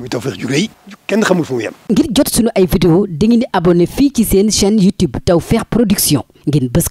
muy Tawfekh ju rëy kenn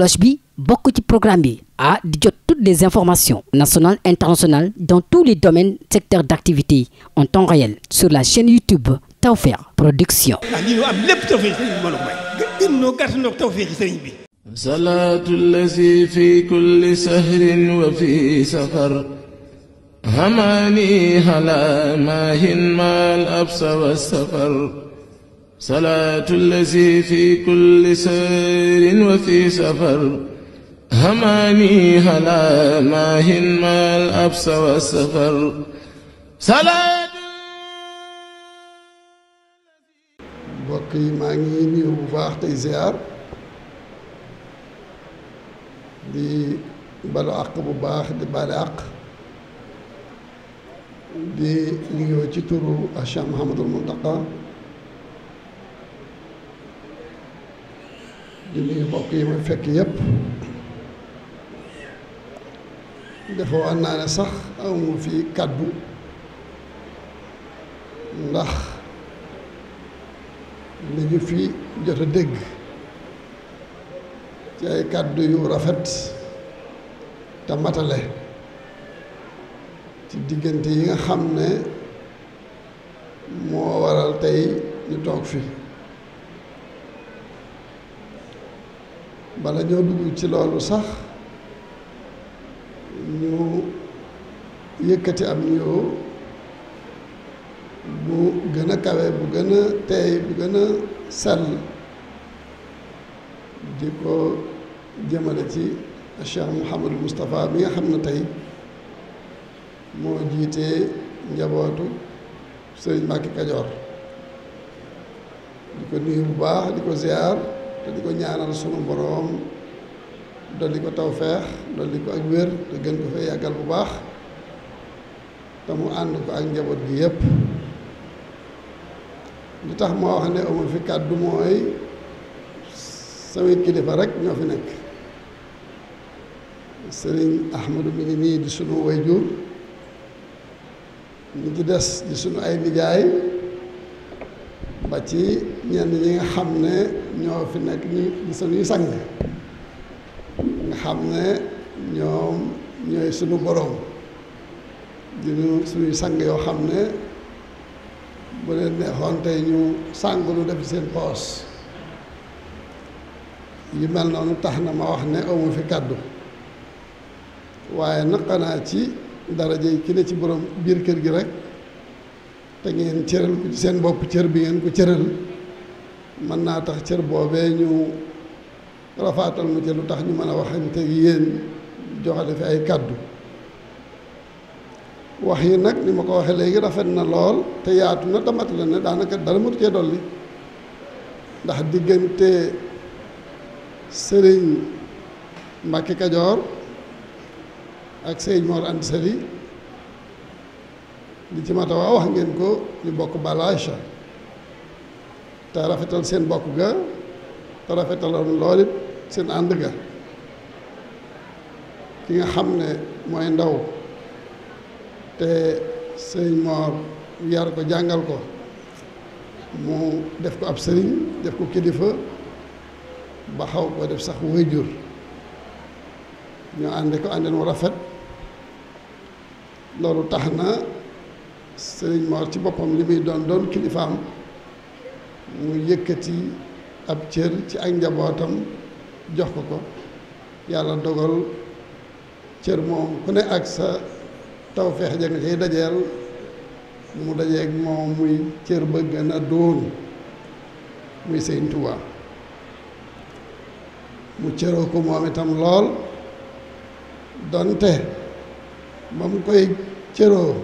jot bi bokk ci programme bi ah di jot toutes les informations nationales internationales dans tous les domaines secteurs d'activité en temps réel sur la chaîne YouTube Tawfekh Production. ah lii ñu am lépp Tawfekh sëriñ bi mbooloo mooy. gën gën ñoo gàtt ñoo Tawfekh sëriñ bi. salaatu lazi fi kulli sahrin wa fi safar. هماني هلا ماهن ما الأبس والسفر صلاة الذي في كل سير وفي سفر هماني هلا ماهن ما الأبس والسفر صلاة mbokk yi maa ngi nuyu bu baax tey ziar di balu àq bu baax di bale àq di nuyoo ci turu Cheikh Mouhamadul Mountakha di nuyu mbokk yi ma fekk yëpp dafa war naa ne sax amu fii kàddu ndax li ñu fii jot a dégg ci ay kàddu yu rafet te ci diggante yi nga xam ne moo waral tey ñu toog fi bala ñoo dugg ci loolu sax ñu yëkkati am nuyoo bu gën a kawe bu gën a tey bu gën a sell di ko jëmale ci Cheikh Mouhamadou Moustapha bi nga xam ne tey moo jiitee njabootu sëriñ Mbàkke Kajoor di ko nuyu bu baax di ko ziar te di ko ñaanal sunu boroom dolli ko tawfeex dolli ko ak wér te gën ko fee yàggal bu baax te mu ànd ko ak njaboot gi yépp li tax moo wax ne amul fi kàddu mooy samay kilifa rek ñoo fi nekk sëriñ Ahmadu mi ngi nii di sunu wayjur li des di sunu ay nijaay ba ci ñenn ñi nga xam ne ñoo fi nekk ñu di sunuy sang nga xam ne ñoom ñooy sunu boroom di nu sunuy sang yoo xam ne bu leen neexoon tey ñu sang lu def seen poos yu mel noonu tax na ma wax ne amu fi kàddu waaye naqanaa ci dara yi ki ne ci boroom biir kër gi rek te ngeen cëral seen bopp cër bi ngeen ko cëral mën naa tax cër boobee ñu rafaatal mu ci lu tax ñu mën a waxante yéen joxale fi ay kàddu wax yi nag ni ma ko waxee léegi rafet na lool te yaatu na tamat la ne daanaka dara matu cee dolli ndax diggante sëriñ Mbàkke Kajoor ak sëñ Mor Anta Sali li ci mata wax ngeen ko ñu bokk balage te rafetal seen bokk ga te rafetaloon lool it seen ànd ga ki nga xam ne mooy ndaw te sëñ Mor yar ko jàngal ko mu def ko ab sëriñ def ko kilifa ba xaw ko def sax wëy jur ñu ànd ko àndeen mu rafet loolu tax na sëriñ Mor ci boppam li muy doon doon kilifaam mu yëkkati ab cër ci ak njabootam jox ko ko yàlla dogal cër moom ku ne ak sa tawfeex ja nga koy dajeel mu dajeeg moom muy cër ba gën a doon muy sëriñ Tuubaa mu cëroo ko moom itam lool donte ba mu koy cëroo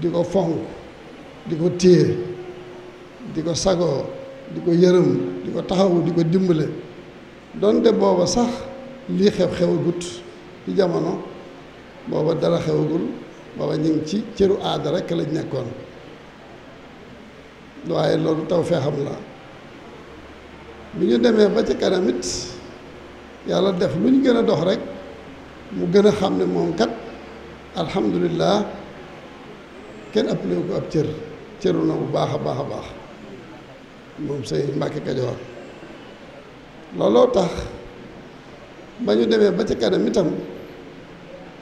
di ko fonk di ko téye di ko sagoo di ko yërëm di ko taxawu di ko dimbale donte booba sax lii xew xewagut ci jamono booba dara xewagul booba ñu ngi ci cëru aada rekk lañ nekkoon waaye loolu taw fee xam la bi ñu demee ba ci kanam it yàlla def lu ñu gën a dox rekk mu gën a xam ne moom kat alhamdulilah kenn ëpp ko ab cër cëru na bu baax a baax a baax moom sëñ Mbàkke Kajoor looloo tax ba ñu demee ba ci kanam itam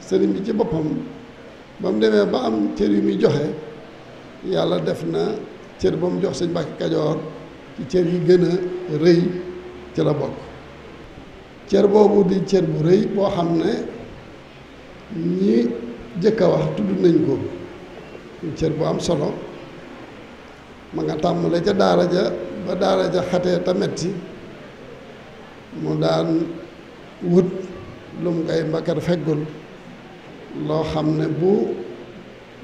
sëriñ bi ci boppam ba mu demee ba am cër yu muy joxe yàlla def na cër ba mu jox sëñ Mbàkke Kajoor ci cër yi gën a rëy ci la bokk cër boobu di cër bu rëy boo xam ne ñi jëkk a wax tudd nañ ko cër bu am solo ma nga la ca daara ja ba daara ja xatee ta metti mu daan wut lu mu koy mbakar feggul loo xam ne bu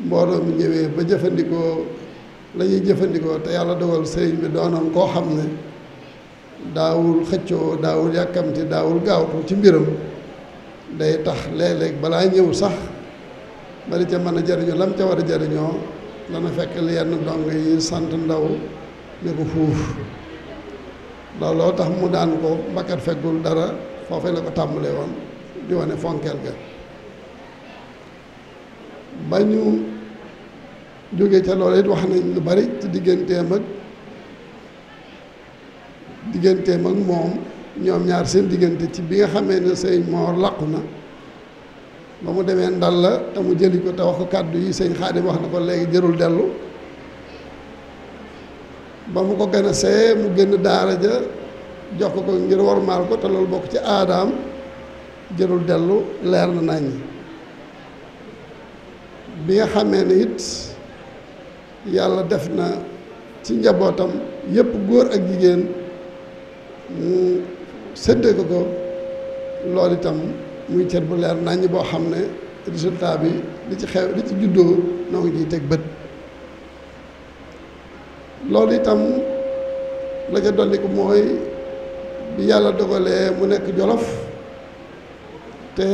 mbooloo mi ñëwee ba jëfandikoo lañuy jëfandikoo te yàlla dogal sëriñ bi doonoon koo xam ne daawul xëccoo daawul yàkkamti daawul gaawtu ci mbiram day tax léeg-léeg balaa ñëw sax dana ca mën a jëriñoo lam ca war a jëriñoo dana fekk yenn dong yi sant ndaw ne ko fuuf looloo tax mu daan ko mbakkat feggul dara foofee la ko tàmbalee woon di wane ba ñu jógee ca wax nañ lu bari ci digganteem ak digganteem ak moom ñoom ñaar seen diggante ci bi nga xamee ne sëñ Moor làqu na ba mu demee ndal la te mu jëli ko te wax ko kàddu yi sëñ Xaadim wax na ko léegi jërul dellu ba mu ko gën a see mu génn daara ja jox ko ngir wormaal ko te loolu bokk ci aadaam jërul dellu leer na nañ bi nga xamee ne it yàlla def na ci njabootam yépp góor ak jigéen mu séddee ko ko loolu itam muy cër bu leer naññ boo xam ne résultat bi li ci xew li ci juddoo noo ngi teg bët loolu itam la ca dolliku mooy bi yàlla dogalee mu nekk jolof te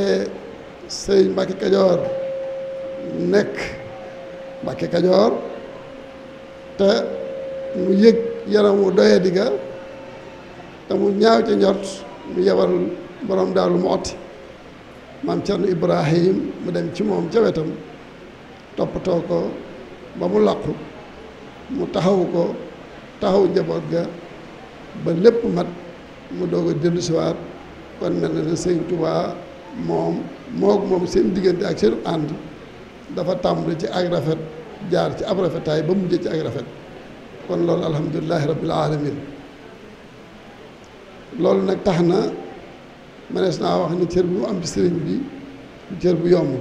sëñ Mbàkke Kajoor nekk Mbàkke Kajoor te mu yëg yaramu doye te mu ñaaw ca njort mu yebal borom daal mu otti maam Cerno Ibrahim mu dem ci moom ca wetam toppatoo ko ba mu làqu mu taxaw ko taxaw njaboot ga ba lépp mat mu doog a dellu siwaat kon mel na ne sëñ moom moog moom seen diggante ak seen ànd dafa tàmbali ci ak rafet jaar ci ab rafetaay ba mujj ci ak rafet kon loolu alhamdulilahi rabbil alamin loolu nag tax na mënees naa wax ni cër bu am ci sëriñ bi du cër bu yomb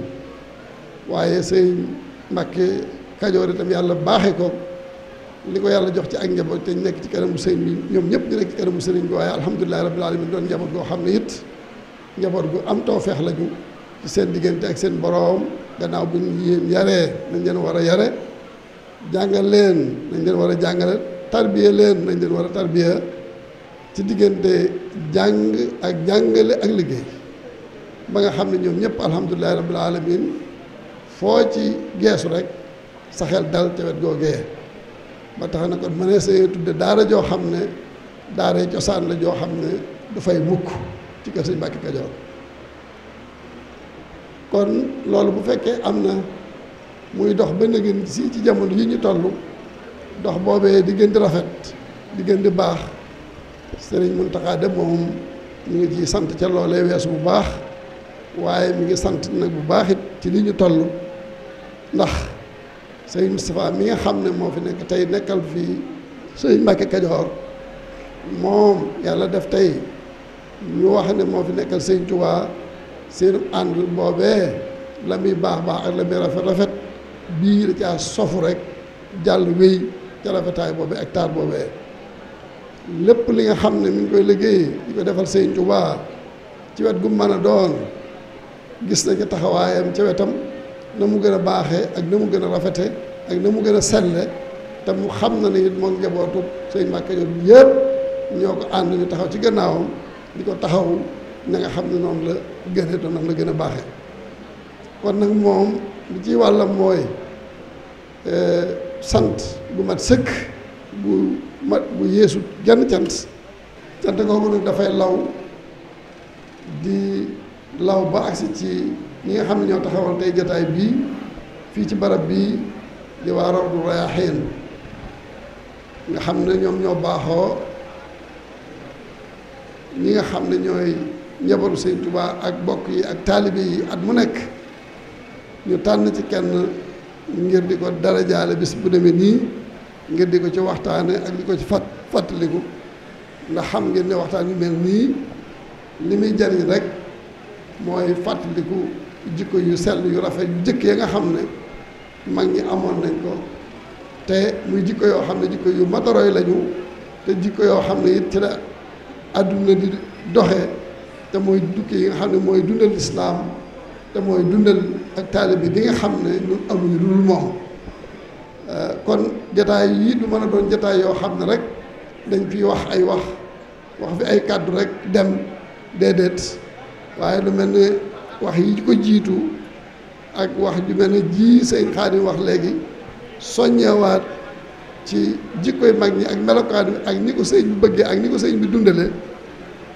waaye sëriñ Mbàkke Kajoor tam yàlla baaxee ko li ko yàlla jox ci ak njaboot te nekk ci kanamu sëriñ bi ñoom ñëpp ñu nekk ci kanamu sëriñ bi waaye alhamdulilahi rabbil alamin doon njaboot goo xam ne it njaboot gu am tawfeex la ñu ci seen diggante ak seen boroom gannaaw bu ñu yéen yaree nañ leen war a yare jàngal leen nañ leen war a jàngale tarbiya leen nañ leen war a tarbiya ci diggante jàng ak jàngale ak liggéey ba nga xam ne ñoom ñëpp alhamdulilahi rabbil alamin foo ci geesu rek sa xel dal ca wet googee ba tax na kon mënee see tudd daara joo xam ne daara cosaan la joo xam ne du fay mukk ci kër Sëñ Mbàkke Kajoor kon loolu bu fekkee am na muy dox ba nëgën sii ci jamono yi ñu toll dox boobee di gën di rafet di gën di baax sëriñ Muntaxa dem moom ñu ngi ciy sant ca loolee weesu bu baax waaye mu ngi sant nag bu baaxit ci li ñu toll ndax sëriñ Moustapha mi nga xam ne moo fi nekk tey nekkal fii sëriñ Mbàkke Kajoor moom yàlla def tey ñu wax ne moo fi nekkal sëriñ Tuubaa seen ànd boobee la muy baax baax ak la muy rafet rafet bii da caa sofu rek jàll wéy ca rafetaay boobee ak taar boobee lépp li nga xam ne mu ngi koy liggéey di ko defal Sëriñ Tuubaa ci wet gu mën a doon gis na nañu taxawaayam ca wetam na mu gën a baaxee ak na mu gën a rafete ak na mu gën a selle te mu xam na ne it moom njabootu Sëriñ Mbàkke Kajoor yëpp ñoo ko ànd ñu taxaw ci gannaawam li ko taxaw na nga xam ne noonu la gënee te la gën a baaxee kon nag moom li ci wàllam mooy eh, sant gu mat sëkk bu mat bu yéesu genn cant cant googu nag dafay law di law ba agsi ci ñi nga xam ne ñoo taxawal tey jotaay bii fii ci barab bii di waa Rawdu Rayaahiin nga xam ne ñoom ñoo baaxoo ñi nga xam ne ñooy njabaru Sëñ Tuubaa ak bokk yi ak taalibe yi at mu nekk ñu tànn ci kenn ngir di ko darajaale bis bu demee nii ngir di ko ci waxtaane ak di ko ci fat fàttaliku ndax xam ngeen ne waxtaan yu mel nii li muy jariñ rek mooy fàttaliku jikko yu sell yu rafet yu jëkk ya nga xam ne mag ñi amoon nañ ko te muy jikko yoo xam ne jikko yu mataroy lañu te jikko yoo xam ne it ci la àdduna di doxe te mooy dukki yi nga xam ne mooy dundal islaam te mooy dundal ak taalibe bi di nga xam ne ñun amuñu lu dul moom Euh, kon jataay yi du mën a doon jataay yoo xam ne rek dañ fi wax ay wax wax fi ay kàddu rek dem déedéet waaye lu mel ne wax yi ko jiitu ak wax ju mel ne ji sëñ Xaadim wax léegi soññewaat ci jikkoy mag ñi ak melokaan bi ak ni ko sëñ bi bëggee ak ni ko sëñ bi dundale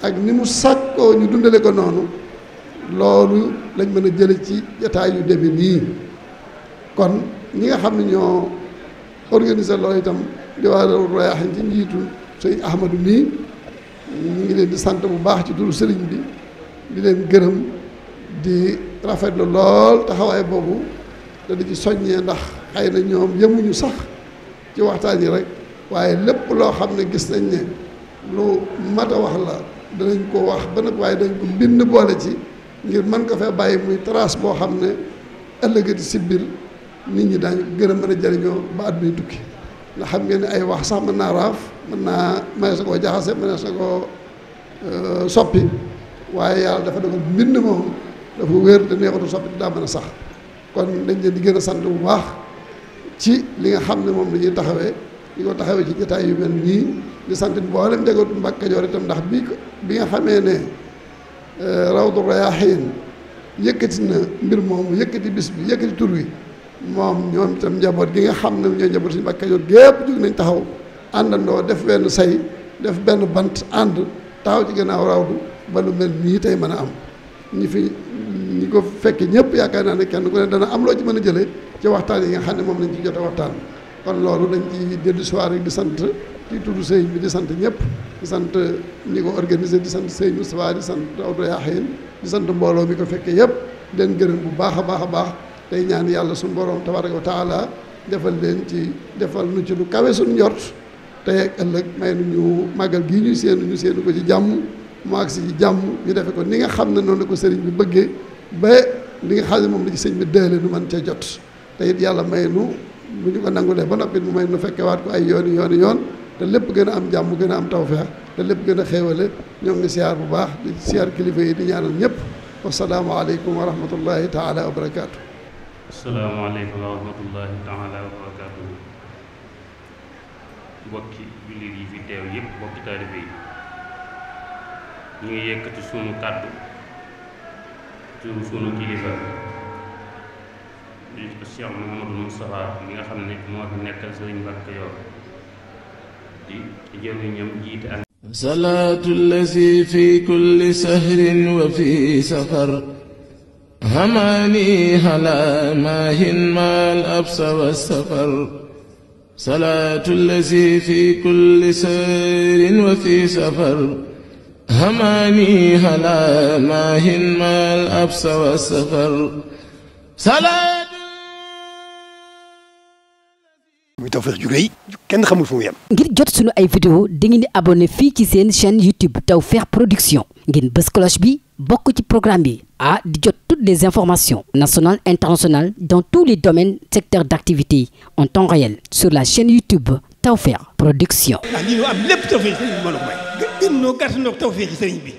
ak ni mu sàkkoo ñu dundale ko noonu loolu lañ mën a jële ci jataay yu deme nii kon ñi nga xam ne ñoo organiser loolu itam Jawaahirul Rayaahiin ci njiitu sëñ Ahmadou mii ñu ngi leen di sant bu baax ci turu sëriñ bi di leen gërëm di rafetlu lool taxawaay boobu te di soññee ndax xëy na ñoom yemuñu sax ci waxtaan yi rek waaye lépp loo xam ne gis nañ ne lu mat wax la danañ ko wax ba nag waaye dañ ko bind boole ci ngir mën nga fee bàyyi muy trace boo xam ne ëllëgati si nit ñi daañu gën a mën a jëriñoo ba at biy tukki ndax xam ngeen ne ay wax sax mën naa raaf mën naa mënees na koo jaxase mënees na koo euh, soppi waaye yàlla dafa dogal mbind moom dafa wér te neexatu soppi daa mën sax kon dañ leen di gën a sant bu baax ci li nga xam ne moom la ñuy taxawee di ko taxawee ci jotaay yu mel nii di sant mboolem njabootu Mbàkke Kajoor itam ndax bi bi nga xamee ne euh, Rawdu Rayaahiin yëkkati na mbir moomu yëkkati bis bi yëkkati tur moom ñoom tam njaboot gi nga xam ne ñoo njaboot suñu Mbàkke Kajoor gépp jóg nañ taxaw àndandoo def benn say def benn bant ànd taxaw ci gannaaw rawdu ba lu mel nii tey mën a am ñi fi ñi ko fekke ñëpp yaakaar naa ne kenn ku ne dana am loo ci mën a jëlee ci waxtaan yi nga xam ne moom lañ ci jot waxtaan kon loolu dañ ci dellu soir rek di sant ci tuddu sëñ bi di sant ñëpp di sant ñi ko organisé di sant bi Moustapha di sant Awdo Yaxin di sant mbooloo mi ko fekke yëpp den gërëm bu baax a baax a baax tey ñaan yàlla suñu borom tabaraka wa taala defal leen ci defal nu ci lu kawe suñu njort tey ak ëllëg may nu ñu màggal gii ñuy séenu ñu séenu ko ci jàmm mu agsi ci jàmm ñu defe ko ni nga xam ne noonu la ko sëriñ bi bëggee ba li nga xam ne moom la ci sëñ bi deele nu man cee jot te it yàlla may nu bu ñu ko nangulee ba noppi mu may nu fekkewaat ko ay yooni yooni yoon te lépp gën a am jàmm gën a am tawfeex te lépp gën a xéewale ñoo ngi siyaar bu baax di siyaar kilifa yi di ñaanal ñëpp wasalaamu aleykum wa rahmatullahi taala wa barakaatu asalaamaaleykum wa rahmatullahi taala wa barakaatuhu mbokki jullit yi fi teew yëpp mbokki taalibe yi ñu ngi yëkkati sunu kàddu ci sunu kilifa di Cheikh Mouhamadou Moustapha mi nga xam ne moo fi nekkal sëriñ Mbàkke Kajoor di jëmi ñam jiite ak salaatu lazi fi kulli sahrin wa fi safar همالي هلا ماهن ما الأبس والسفر صلاة الذي في كل سير وفي سفر هماني هلا ماهن ما الأبس والسفر صلاة muy Tawfekh ju rëy kenn xamul fu mu ngir jot sunu ay vidéo dangeen di abonné fii ci seen chaîne YouTube Tawfekh Production ngeen bës bi bokk ci programme bi ah di jot toutes les informations nationales internationales dans tous les domaines secteurs d'activité en temps réel sur la chaîne YouTube Tawfekh Production. ah lii loo am lépp tawfeex ci bi.